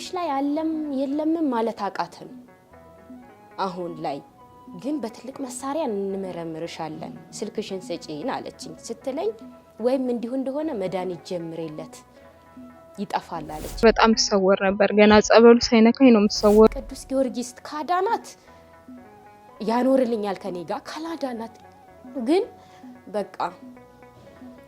ህልምሽ ላይ አለም የለምም ማለት አቃተን። አሁን ላይ ግን በትልቅ መሳሪያ እንመረምርሻለን ስልክሽን ስጪን አለችኝ። ስትለኝ ወይም እንዲሁ እንደሆነ መድኃኒት ጀምሬለት ይጠፋል አለች። በጣም ትሰወር ነበር። ገና ጸበሉ ሳይነካኝ ነው የምትሰወር። ቅዱስ ጊዮርጊስ ካዳናት ያኖርልኛል ከኔ ጋር ካላዳናት ግን በቃ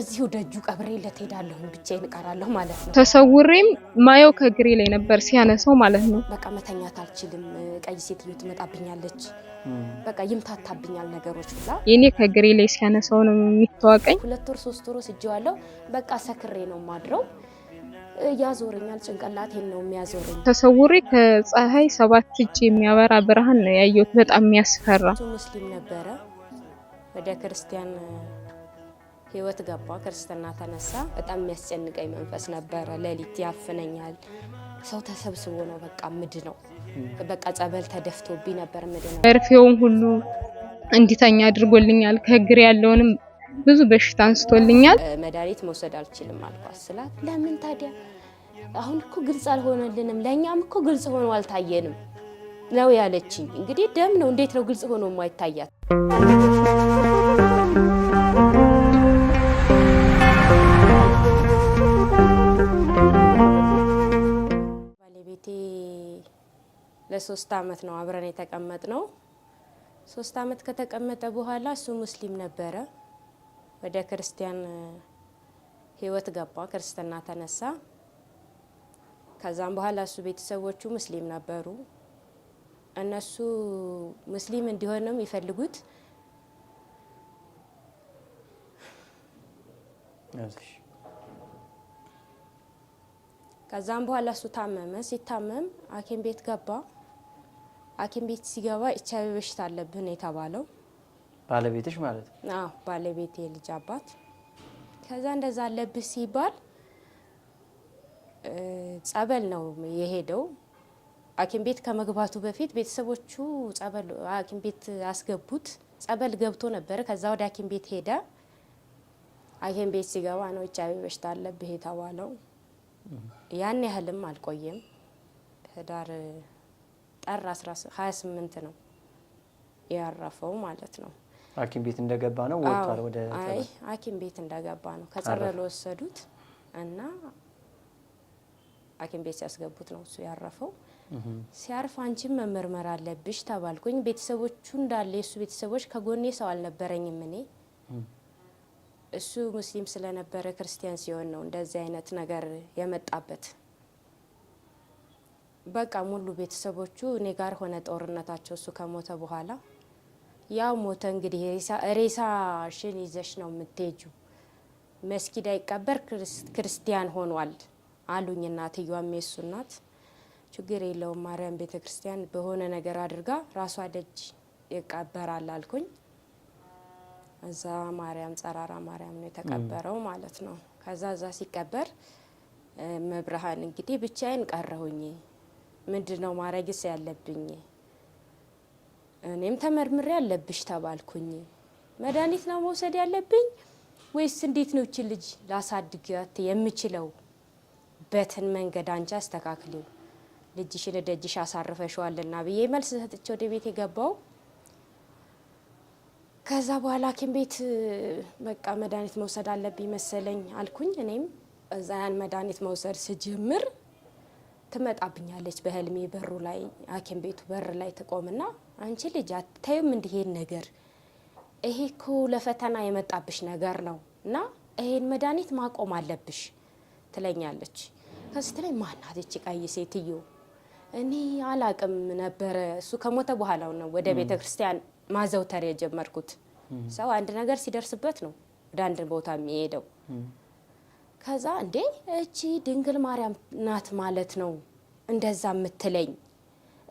እዚሁ ደጁ ቀብሬ ለትሄዳለሁ ብቻ እቀራለሁ ማለት ነው። ተሰውሬም ማየው ከግሬ ላይ ነበር ሲያነሳው ማለት ነው። በቃ መተኛት አልችልም። ቀይ ሴትዮ ትመጣብኛለች፣ በቃ ይምታታብኛል ነገሮች ብላ የኔ ከግሬ ላይ ሲያነሳው ነው የሚታወቀኝ። ሁለት ወር ሶስት ወር ስጄዋለሁ። በቃ ሰክሬ ነው ማድረው ያዞረኛል ጭንቅላቴን ነው የሚያዞረኝ። ተሰውሬ ከፀሐይ ሰባት እጅ የሚያበራ ብርሃን ነው ያየሁት። በጣም የሚያስፈራ ሙስሊም ነበረ ወደ ክርስቲያን ህይወት ገባ፣ ክርስትና ተነሳ። በጣም የሚያስጨንቀኝ መንፈስ ነበረ። ሌሊት ያፍነኛል። ሰው ተሰብስቦ ነው በቃ ምድ ነው በቃ ጸበል ተደፍቶብኝ ነበር። ምድ ነው መርፌውን ሁሉ እንዲተኛ አድርጎልኛል። ከእግር ያለውንም ብዙ በሽታ አንስቶልኛል። መድኃኒት መውሰድ አልችልም አልኳት ስላት፣ ለምን ታዲያ አሁን እኮ ግልጽ አልሆነልንም፣ ለእኛም እኮ ግልጽ ሆኖ አልታየንም ነው ያለችኝ። እንግዲህ ደም ነው፣ እንዴት ነው ግልጽ ሆኖ ማይታያት ለሶስት አመት ነው አብረን የተቀመጥ ነው። ሶስት አመት ከተቀመጠ በኋላ እሱ ሙስሊም ነበረ። ወደ ክርስቲያን ህይወት ገባ፣ ክርስትና ተነሳ። ከዛም በኋላ እሱ ቤተሰቦቹ ሙስሊም ነበሩ። እነሱ ሙስሊም እንዲሆን ነው የሚፈልጉት። ከዛም በኋላ እሱ ታመመ። ሲታመም ሐኪም ቤት ገባ። ሐኪም ቤት ሲገባ ኤች አይቪ በሽታ አለብህ የተባለው። ባለቤትሽ ማለት ነው? አዎ ባለቤት፣ የልጅ አባት። ከዛ እንደዛ አለብህ ሲባል ጸበል ነው የሄደው። ሐኪም ቤት ከመግባቱ በፊት ቤተሰቦቹ ጸበል ሐኪም ቤት አስገቡት። ጸበል ገብቶ ነበረ። ከዛ ወደ ሐኪም ቤት ሄደ። ሐኪም ቤት ሲገባ ነው ኤች አይቪ በሽታ አለብህ የተባለው። ያን ያህልም አልቆየም ህዳር ጥር 28 ነው ያረፈው ማለት ነው። ሐኪም ቤት እንደገባ ነው ወጥቷል። ወደ አይ ሐኪም ቤት እንደገባ ነው። ከጸረል ወሰዱት እና ሐኪም ቤት ሲያስገቡት ነው እሱ ያረፈው። ሲያርፍ አንቺም መመርመር አለብሽ ተባልኩኝ። ቤተሰቦቹ እንዳለ የእሱ ቤተሰቦች ከጎኔ ሰው አልነበረኝም። እኔ እሱ ሙስሊም ስለነበረ ክርስቲያን ሲሆን ነው እንደዚህ አይነት ነገር የመጣበት በቃ ሙሉ ቤተሰቦቹ እኔ ጋር ሆነ ጦርነታቸው። እሱ ከሞተ በኋላ ያው ሞተ። እንግዲህ ሬሳሽን ይዘሽ ነው የምትሄጂው፣ መስጊድ አይቀበር ክርስቲያን ሆኗል አሉኝ እናትየዋም። የሱ እናት ችግር የለውም ማርያም ቤተ ክርስቲያን በሆነ ነገር አድርጋ ራሷ ደጅ ይቀበራል አልኩኝ። እዛ ማርያም ጸራራ ማርያም ነው የተቀበረው ማለት ነው። ከዛ እዛ ሲቀበር መብርሃን እንግዲህ ብቻዬን ቀረሁኝ። ምንድን ነው ማረግስ ያለብኝ? እኔም ተመርምሬ ያለብሽ ተባልኩኝ። መድኃኒት ነው መውሰድ ያለብኝ ወይስ እንዴት ነው እቺ ልጅ ላሳድጋት የምችለው? በትን መንገድ አንቺ አስተካክሊው፣ ልጅሽን ደጅሽ አሳርፈሽዋልና ብዬ መልስ ሰጥቼ ወደ ቤት የገባው። ከዛ በኋላ ሐኪም ቤት በቃ መድኃኒት መውሰድ አለብኝ መሰለኝ አልኩኝ። እኔም እዛ ያን መድኃኒት መውሰድ ስጀምር ትመጣብኛለች በህልሜ በሩ ላይ ሐኪም ቤቱ በር ላይ ትቆምና አንቺ ልጅ አታዩም እንዲህ ይሄን ነገር ይሄ እኮ ለፈተና የመጣብሽ ነገር ነው እና ይሄን መድኃኒት ማቆም አለብሽ ትለኛለች። ከዚህ ላይ ማናት እቺ ቀይ ሴትዮ? እኔ አላቅም ነበረ። እሱ ከሞተ በኋላው ነው ወደ ቤተ ክርስቲያን ማዘውተር የጀመርኩት። ሰው አንድ ነገር ሲደርስበት ነው ወደ አንድ ቦታ የሚሄደው። ከዛ እንዴ እቺ ድንግል ማርያም ናት ማለት ነው እንደዛ የምትለኝ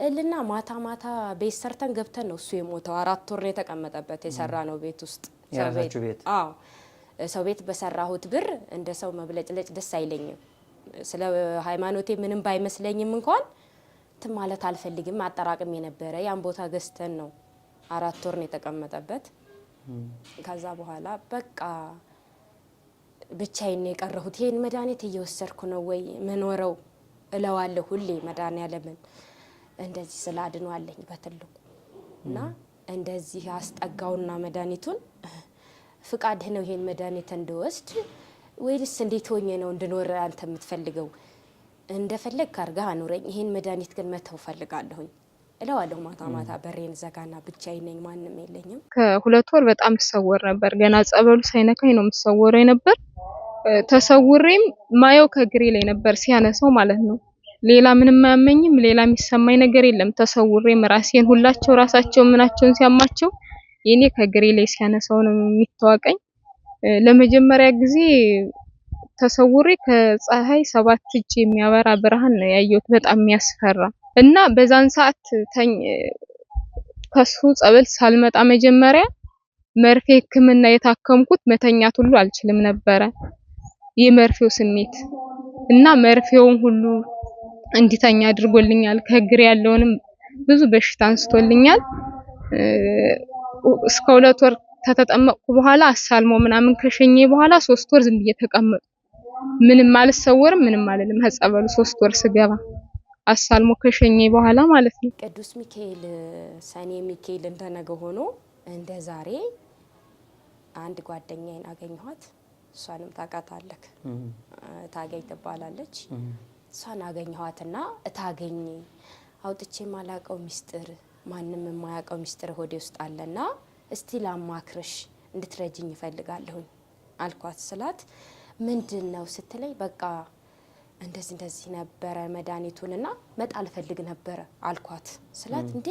እልና ማታ ማታ ቤት ሰርተን ገብተን ነው እሱ የሞተው። አራት ወር የተቀመጠበት የሰራ ነው ቤት ውስጥ አዎ ሰው ቤት በሰራሁት ብር እንደ ሰው መብለጭለጭ ደስ አይለኝም። ስለ ሃይማኖቴ ምንም ባይመስለኝም እንኳን እንትን ማለት አልፈልግም። አጠራቅም የነበረ ያን ቦታ ገዝተን ነው አራት ወር ነው የተቀመጠበት። ከዛ በኋላ በቃ ብቻዬን የቀረሁት። ይህን መድኃኒት እየወሰድኩ ነው ወይ መኖረው እለዋለሁ ሁሌ መድኃኒዓለምን እንደዚህ አድኗለኝ በትልቁ እና እንደዚህ አስጠጋውና መድኃኒቱን ፍቃድህ ነው ይሄን መድኃኒት እንድወስድ ወይስ እንዴት ሆኜ ነው እንድኖር አንተ የምትፈልገው? እንደፈለግ ካርጋ አኑረኝ፣ ይሄን መድኃኒት ግን መተው ፈልጋለሁኝ እለዋለሁ። ማታ ማታ በሬን ዘጋና ብቻዬን ነኝ፣ ማንም የለኝም። ከሁለት ወር በጣም ትሰወር ነበር። ገና ጸበሉ ሳይነካኝ ነው የምትሰወረው የነበር። ተሰውሬም ማየው ከግሬ ላይ ነበር ሲያነሳው ማለት ነው። ሌላ ምንም አያመኝም። ሌላ የሚሰማኝ ነገር የለም። ተሰውሬም ራሴን ሁላቸው ራሳቸው ምናቸውን ሲያማቸው የኔ ከግሬ ላይ ሲያነሳው ነው የሚታወቀኝ። ለመጀመሪያ ጊዜ ተሰውሬ ከፀሐይ ሰባት እጅ የሚያበራ ብርሃን ነው ያየሁት። በጣም የሚያስፈራ እና በዛን ሰዓት ተኝ ከሱ ጸበል ሳልመጣ መጀመሪያ መርፌ ሕክምና የታከምኩት መተኛት ሁሉ አልችልም ነበረ። የመርፌው ስሜት እና መርፌውን ሁሉ እንዲተኛ አድርጎልኛል። ከግር ያለውንም ብዙ በሽታ አንስቶልኛል። እስከ ሁለት ወር ከተጠመቅኩ በኋላ አሳልሞ ምናምን ከሸኘ በኋላ ሶስት ወር ዝም ብዬ ተቀመጥኩ። ምንም አልሰወርም፣ ምንም አልልም። ከጸበሉ ሶስት ወር ስገባ አሳልሞ ከሸኘ በኋላ ማለት ነው። ቅዱስ ሚካኤል ሰኔ ሚካኤል እንደነገ ሆኖ እንደ ዛሬ አንድ ጓደኛዬን አገኘኋት። እሷንም ታውቃታለህ፣ ታገኝ ትባላለች። እሷን አገኘኋትና እታገኝ አውጥቼ የማላውቀው ሚስጥር ማንም የማያውቀው ሚስጥር ሆዴ ውስጥ አለና እስቲ ላማክርሽ እንድትረጅኝ ይፈልጋለሁኝ አልኳት። ስላት ምንድን ነው ስትለኝ በቃ እንደዚህ እንደዚህ ነበረ ና መጣ አልፈልግ ነበረ አልኳት ስላት፣ እንዴ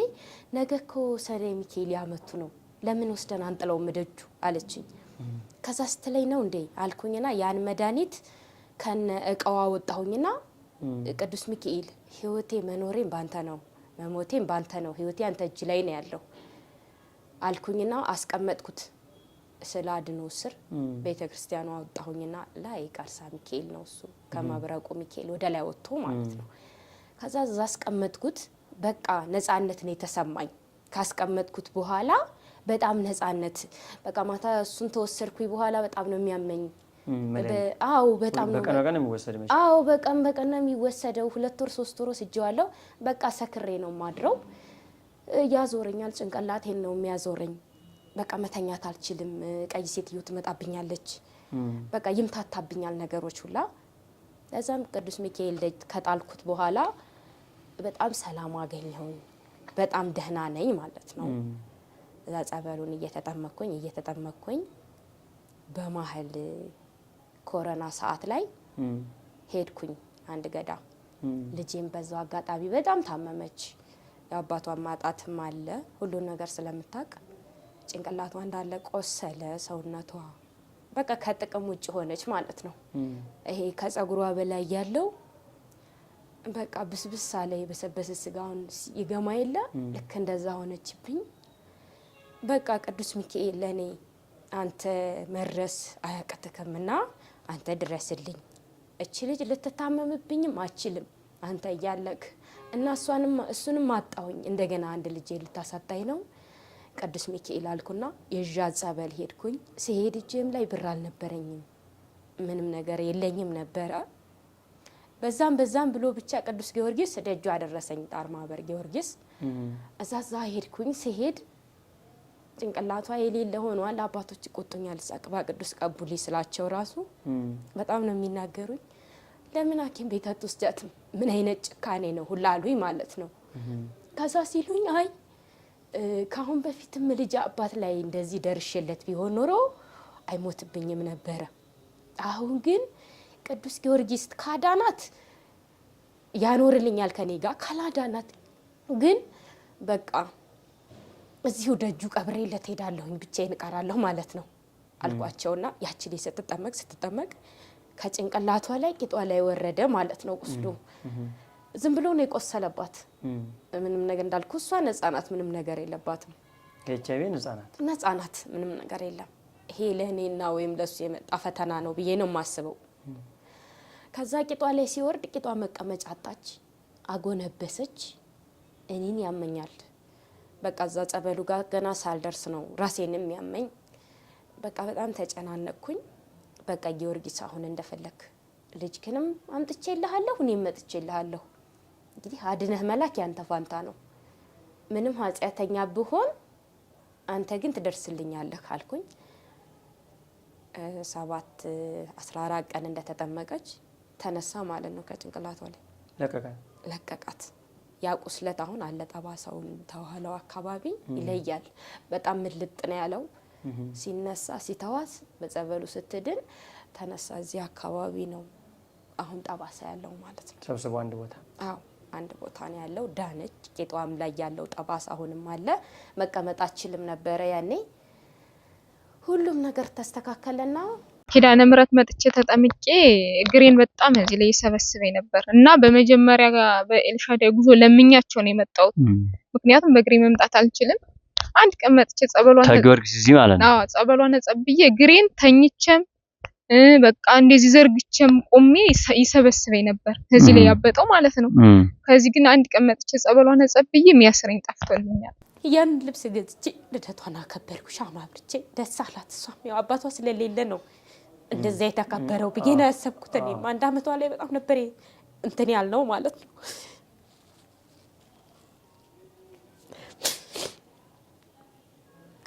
ነገ እኮ ሰኔ ሚካኤል ያመቱ ነው ለምን ወስደን አንጥለው ምደጁ አለችኝ። ከዛ ስትለኝ ነው እንዴ አልኩኝና ያን መድኃኒት ከነ እቃዋ ወጣሁኝና ቅዱስ ሚካኤል ህይወቴ መኖሬን ባንተ ነው መሞቴን ባንተ ነው ህይወቴ አንተ እጅ ላይ ነው ያለው አልኩኝና አስቀመጥኩት። ስለ አድኖ ስር ቤተ ክርስቲያኑ አወጣሁኝና ላይ ቀርሳ ሚካኤል ነው እሱ ከመብረቁ ሚካኤል ወደ ላይ ወጥቶ ማለት ነው። ከዛ እዛ አስቀመጥኩት። በቃ ነጻነት ነው የተሰማኝ ካስቀመጥኩት በኋላ በጣም ነጻነት በቃ ማታ እሱን ተወሰድኩኝ በኋላ በጣም ነው የሚያመኝ። አዎ በጣም ነው አዎ በቀን በቀን ነው የሚወሰደው። ሁለት ወር ሶስት ወር ወስጄዋለሁ። በቃ ሰክሬ ነው ማድረው። ያዞረኛል፣ ጭንቅላቴን ነው የሚያዞረኝ። በቃ መተኛት አልችልም፣ ቀይ ሴትዮ ትመጣብኛለች፣ በቃ ይምታታብኛል ነገሮች ሁላ። ለዛም ቅዱስ ሚካኤል ደጅ ከጣልኩት በኋላ በጣም ሰላም አገኘሁኝ። በጣም ደህና ነኝ ማለት ነው። እዛ ጸበሉን እየተጠመኩኝ እየተጠመኩኝ በማህል ኮረና ሰዓት ላይ ሄድኩኝ አንድ ገዳ። ልጄም በዛው አጋጣሚ በጣም ታመመች። የአባቷን ማጣትም አለ ሁሉን ነገር ስለምታውቅ ጭንቅላቷ እንዳለ ቆሰለ፣ ሰውነቷ በቃ ከጥቅም ውጭ ሆነች ማለት ነው። ይሄ ከጸጉሯ በላይ ያለው በቃ ብስብስ አለ። የበሰበሰ ስጋውን ይገማ የለ ልክ እንደዛ ሆነችብኝ። በቃ ቅዱስ ሚካኤል ለእኔ አንተ መድረስ አያቅትክምና አንተ ድረስልኝ፣ እች ልጅ ልትታመምብኝም አችልም አንተ እያለክ እና እሷንም እሱንም አጣውኝ እንደገና አንድ ልጅ ልታሳጣኝ ነው ቅዱስ ሚካኤል አልኩና የዣ ጸበል ሄድኩኝ። ሲሄድ እጄም ላይ ብር አልነበረኝም፣ ምንም ነገር የለኝም ነበረ። በዛም በዛም ብሎ ብቻ ቅዱስ ጊዮርጊስ ደጁ አደረሰኝ፣ ጣር ማህበር ጊዮርጊስ። እዛ ዛ ሄድኩኝ። ሲሄድ ጭንቅላቷ የሌለ ሆኗል። አባቶች ቆጡኛል። ጸቅባ ቅዱስ ቀቡሊ ስላቸው ራሱ በጣም ነው የሚናገሩኝ። ለምን ሐኪም ቤት አትወስጃትም? ምን አይነት ጭካኔ ነው ሁላ አሉኝ ማለት ነው። ከዛ ሲሉኝ አይ ከአሁን በፊትም ልጅ አባት ላይ እንደዚህ ደርሽለት ቢሆን ኖሮ አይሞትብኝም ነበረ። አሁን ግን ቅዱስ ጊዮርጊስ ካዳናት ያኖርልኛል ከኔ ጋር፣ ካላዳናት ግን በቃ እዚሁ ደጁ ቀብሬለት ሄዳለሁኝ፣ ብቻዬን እቀራለሁ ማለት ነው አልኳቸውና ያቺ ልጅ ስትጠመቅ ስትጠመቅ ከጭንቅላቷ ላይ ቂጧ ላይ ወረደ ማለት ነው ቁስሉ። ዝም ብሎ ነው የቆሰለባት። ምንም ነገር እንዳልኩ እሷ ነጻ ናት፣ ምንም ነገር የለባትም። ኤች አይቪ ነጻ ናት፣ ነጻ ናት፣ ምንም ነገር የለም። ይሄ ለእኔና ወይም ለሱ የመጣ ፈተና ነው ብዬ ነው የማስበው። ከዛ ቂጧ ላይ ሲወርድ ቂጧ መቀመጫ አጣች፣ አጎነበሰች። እኔን ያመኛል። በቃ እዛ ጸበሉ ጋር ገና ሳልደርስ ነው ራሴንም ያመኝ። በቃ በጣም ተጨናነቅኩኝ። በቃ ጊዮርጊስ አሁን እንደፈለክ ልጅክንም አምጥቼልሃለሁ እኔም መጥቼልሃለሁ እንግዲህ አድነህ መላክ ያንተ ፋንታ ነው። ምንም ኃጢአተኛ ብሆን አንተ ግን ትደርስልኛለህ አልኩኝ ሰባት አስራ አራት ቀን እንደተጠመቀች ተነሳ ማለት ነው። ከጭንቅላቷ ላይ ለቀቃት። ያ ቁስለት አሁን አለ። ጠባሳውን ተዋህለው አካባቢ ይለያል። በጣም ምልጥ ነው ያለው። ሲነሳ ሲተዋስ በጸበሉ ስትድን ተነሳ። እዚህ አካባቢ ነው አሁን ጠባሳ ያለው ማለት ነው። ሰብስቦ አንድ ቦታ አዎ አንድ ቦታ ነው ያለው። ዳነች። ቂጧም ላይ ያለው ጠባሳ አሁንም አለ። መቀመጥ አችልም ነበረ ያኔ። ሁሉም ነገር ተስተካከለና ኪዳነ ምሕረት መጥቼ ተጠምቄ እግሬን በጣም እዚህ ላይ ይሰበስበኝ ነበር እና በመጀመሪያ በኤልሻዳይ ጉዞ ለምኛቸው ነው የመጣሁት። ምክንያቱም በእግሬ መምጣት አልችልም። አንድ ቀን መጥቼ ጸበሏን ተጊዮርጊስ እዚህ ማለት ነው። አዎ ጸበሏን ጸብዬ እግሬን ተኝቼም በቃ እንደዚህ ዘርግቼም ቆሜ ይሰበስበኝ ነበር፣ ከዚህ ላይ ያበጠው ማለት ነው። ከዚህ ግን አንድ ቀን መጥቼ ጸበሏን ነጸብዬ የሚያስረኝ ጠፍቶልኛል። ያን ልብስ ገዝቼ ልደቷን አከበርኩ፣ ሻማ ብርቼ ደስ አላት። እሷም ያው አባቷ ስለሌለ ነው እንደዛ የተከበረው ብዬ ነው ያሰብኩት። እኔም አንድ አመቷ ላይ በጣም ነበር እንትን ያልነው ማለት ነው።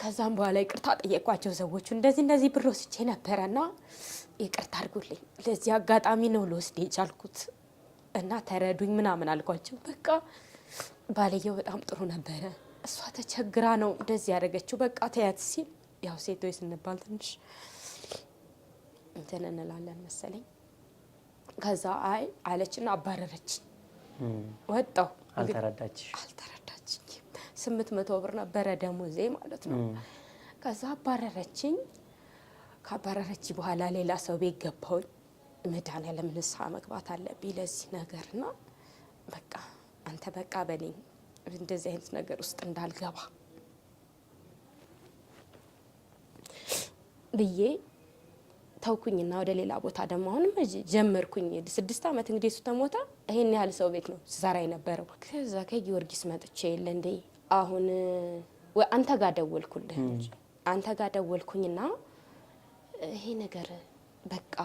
ከዛም በኋላ ይቅርታ ጠየቋቸው ሰዎቹ እንደዚህ እንደዚህ ብር ወስጄ ነበረና ይቅርታ አድርጉልኝ፣ ለዚህ አጋጣሚ ነው ልወስድ የቻልኩት እና ተረዱኝ ምናምን አልኳቸው። በቃ ባልየው በጣም ጥሩ ነበረ። እሷ ተቸግራ ነው እንደዚህ ያደረገችው፣ በቃ ተያት ሲል ያው ሴቶች ስንባል ትንሽ እንትን እንላለን መሰለኝ። ከዛ አይ አለችና አባረረች። ወጣው አልተረዳች ስምንት መቶ ብር ነበረ ደሞዜ ማለት ነው። ከዛ አባረረችኝ። ካባረረች በኋላ ሌላ ሰው ቤት ገባሁኝ። መድኃኒዓለም ንስሐ መግባት አለብኝ ለዚህ ና በቃ አንተ በቃ በለኝ እንደዚህ አይነት ነገር ውስጥ እንዳልገባ ብዬ ተውኩኝና ወደ ሌላ ቦታ ደግሞ አሁንም ጀመርኩኝ። ስድስት አመት እንግዲህ እሱ ተሞታ ይሄን ያህል ሰው ቤት ነው ስሰራ የነበረው። ከዛ ከጊዮርጊስ መጥቼ የለ እንደ አሁን አንተ ጋር ደወልኩልህ አንተ ጋር ደወልኩኝና ይሄ ነገር በቃ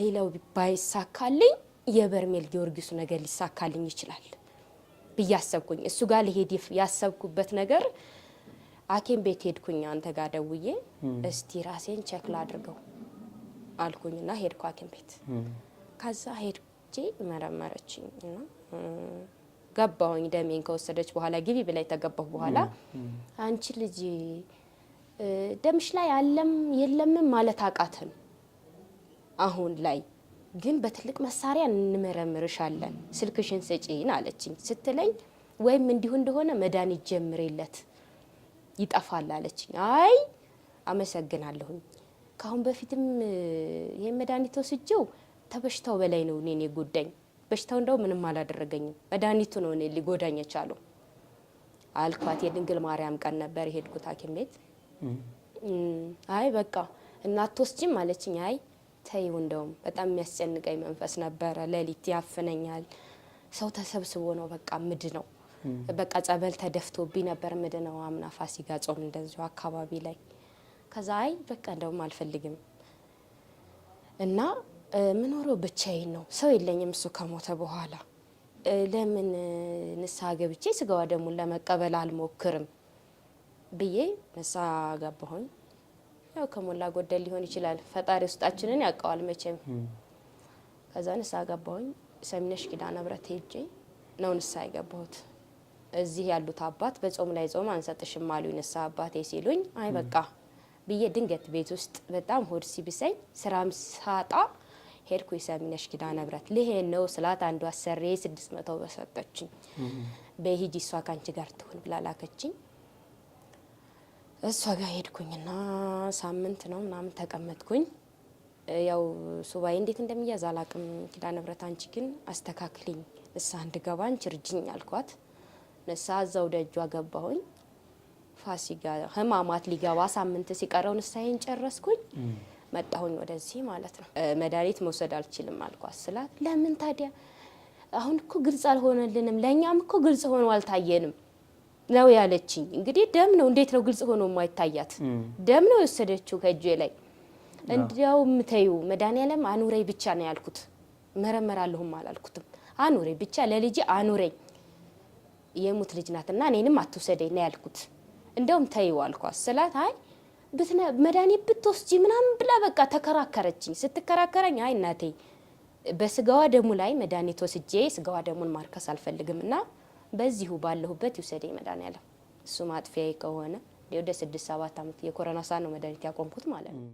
ሌላው ባይሳካልኝ የበርሜል ጊዮርጊስ ነገር ሊሳካልኝ ይችላል ብዬ እሱ ጋር ልሄድ ያሰብኩበት ነገር ሐኪም ቤት ሄድኩኝ። አንተ ጋር ደውዬ እስቲ ራሴን ቸክ ላድርገው አልኩኝና ሄድኩ ሐኪም ቤት። ከዛ ሄጄ መረመረችኝ እና ገባሁኝ። ደሜን ከወሰደች በኋላ ግቢ ብላይ ተገባሁ። በኋላ አንቺ ልጅ ደምሽ ላይ አለም የለምም ማለት አቃተን። አሁን ላይ ግን በትልቅ መሳሪያ እንመረምርሻለን፣ ስልክሽን ስጪን አለችኝ። ስትለኝ ወይም እንዲሁ እንደሆነ መድኃኒት ጀምሬለት ይጠፋል አለችኝ። አይ አመሰግናለሁኝ። ካሁን በፊትም ይህን መድኃኒት ወስጄው ተበሽታው በላይ ነው እኔን የጎዳኝ በሽታው እንደው ምንም አላደረገኝም። መድኃኒቱ ነው እኔ ሊጎዳኝ የቻለው አልኳት። የድንግል ማርያም ቀን ነበር የሄድኩት ሐኪም ቤት። አይ በቃ እናት ወስጂም አለችኝ። አይ ተይው፣ እንደውም በጣም የሚያስጨንቀኝ መንፈስ ነበረ። ሌሊት ያፍነኛል። ሰው ተሰብስቦ ነው በቃ ምድ ነው በቃ ጸበል ተደፍቶብኝ ነበር ምድ ነው። አምና ፋሲካ ጾም እንደዚሁ አካባቢ ላይ ከዛ አይ በቃ እንደውም አልፈልግም እና ምኖረው ብቻዬን ነው። ሰው የለኝም እሱ ከሞተ በኋላ ለምን ንስሐ ገብቼ ስጋዋ ደሙን ለመቀበል አልሞክርም ብዬ ንስሐ ገባሁኝ። ያው ከሞላ ጎደል ሊሆን ይችላል፣ ፈጣሪ ውስጣችንን ያውቀዋል መቼም። ከዛ ንስሐ ገባሁኝ። ሰሚነሽ ኪዳነ ምሕረት ሄጄ ነው ንስሐ የገባሁት። እዚህ ያሉት አባት በጾም ላይ ጾም አንሰጥሽም አሉኝ ንስሐ አባቴ ሲሉኝ፣ አይ በቃ ብዬ ድንገት ቤት ውስጥ በጣም ሆድ ሲብሰኝ ስራም ሳጣ ሄድኩ የሰሚነሽ ኪዳነ ምህረት ልሄድ ነው ስላት አንዷ አሰሬ ስድስት መቶ ብር በሂጂ እሷ ካንቺ ጋር ትሁን ብላ ላከችኝ። እሷ ጋር ሄድኩኝና ሳምንት ነው ምናምን ተቀመጥኩኝ። ያው ሱባኤ እንዴት እንደሚያዝ አላቅም። ኪዳነ ምህረት አንቺ ግን አስተካክልኝ ንስሐ እንድገባ አንቺ እርጅኝ አልኳት። ንስሐ እዛው ደጇ ገባሁኝ። ፋሲካ ህማማት ሊገባ ሳምንት ሲቀረው ንስሐዬን ጨረስኩኝ። መጣሁኝ ወደዚህ ማለት ነው። መድኃኒት መውሰድ አልችልም አልኳት ስላት ለምን ታዲያ አሁን እኮ ግልጽ አልሆነልንም፣ ለእኛም እኮ ግልጽ ሆኖ አልታየንም ነው ያለችኝ። እንግዲህ ደም ነው፣ እንዴት ነው ግልጽ ሆኖ የማይታያት? ደም ነው የወሰደችው ከእጄ ላይ። እንዲያውም ተይው መድኃኒዓለም አኑረኝ ብቻ ነው ያልኩት። መረመራለሁም አላልኩትም። አኑረኝ ብቻ ለልጅ አኑረኝ፣ የሙት ልጅ ናትና እኔንም አትውሰደኝ ነው ያልኩት። እንደውም ተይው አልኳት ስላት አይ መድኃኒት ብትወስጂ ምናምን ብላ በቃ ተከራከረችኝ። ስትከራከረኝ አይ እናቴ በስጋዋ ደሙ ላይ መድኃኒት ወስጄ ስጋዋ ደሙን ማርከስ አልፈልግም እና በዚሁ ባለሁበት ይውሰደኝ መድኃኒዓለም እሱ ማጥፊያዬ ከሆነ ወደ ስድስት ሰባት ዓመት የኮረና ሳ ነው መድኃኒት ያቆምኩት ማለት ነው።